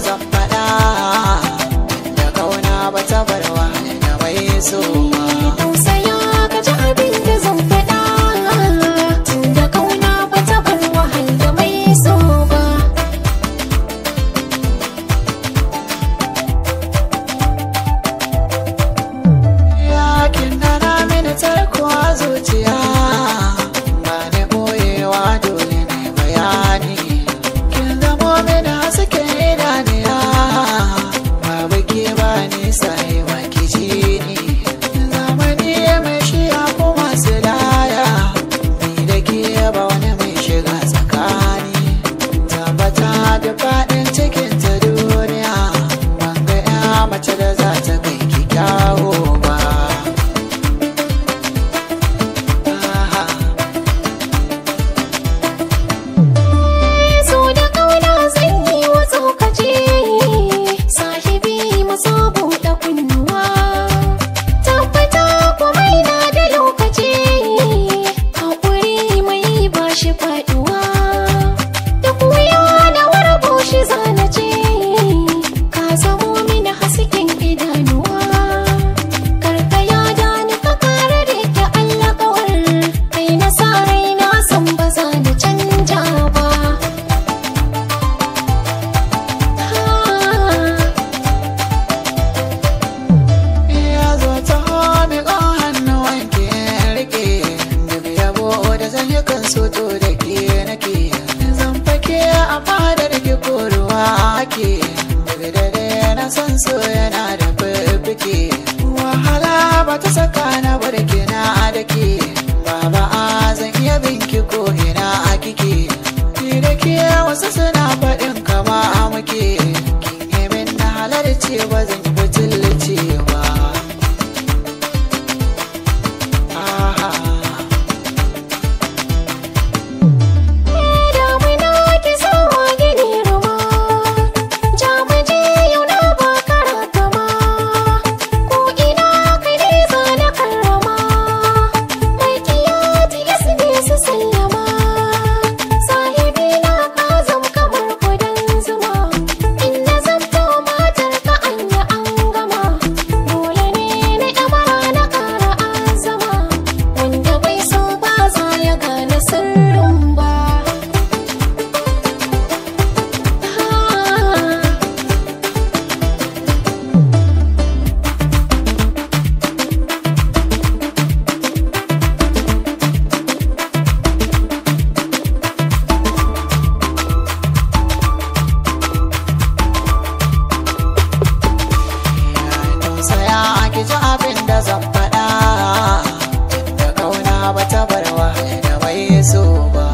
za zafada kauna bata barwa da bai so ma da faɗi fadar ki koruwa ake daga dare na san so yana da fifike wahala ba ta saka na barki na adake, baba a zan iya binki ko ina a kike ki da ke wasu suna faɗin kama muke kin yi min na halarci ba zan ba ta barwa da bai so ba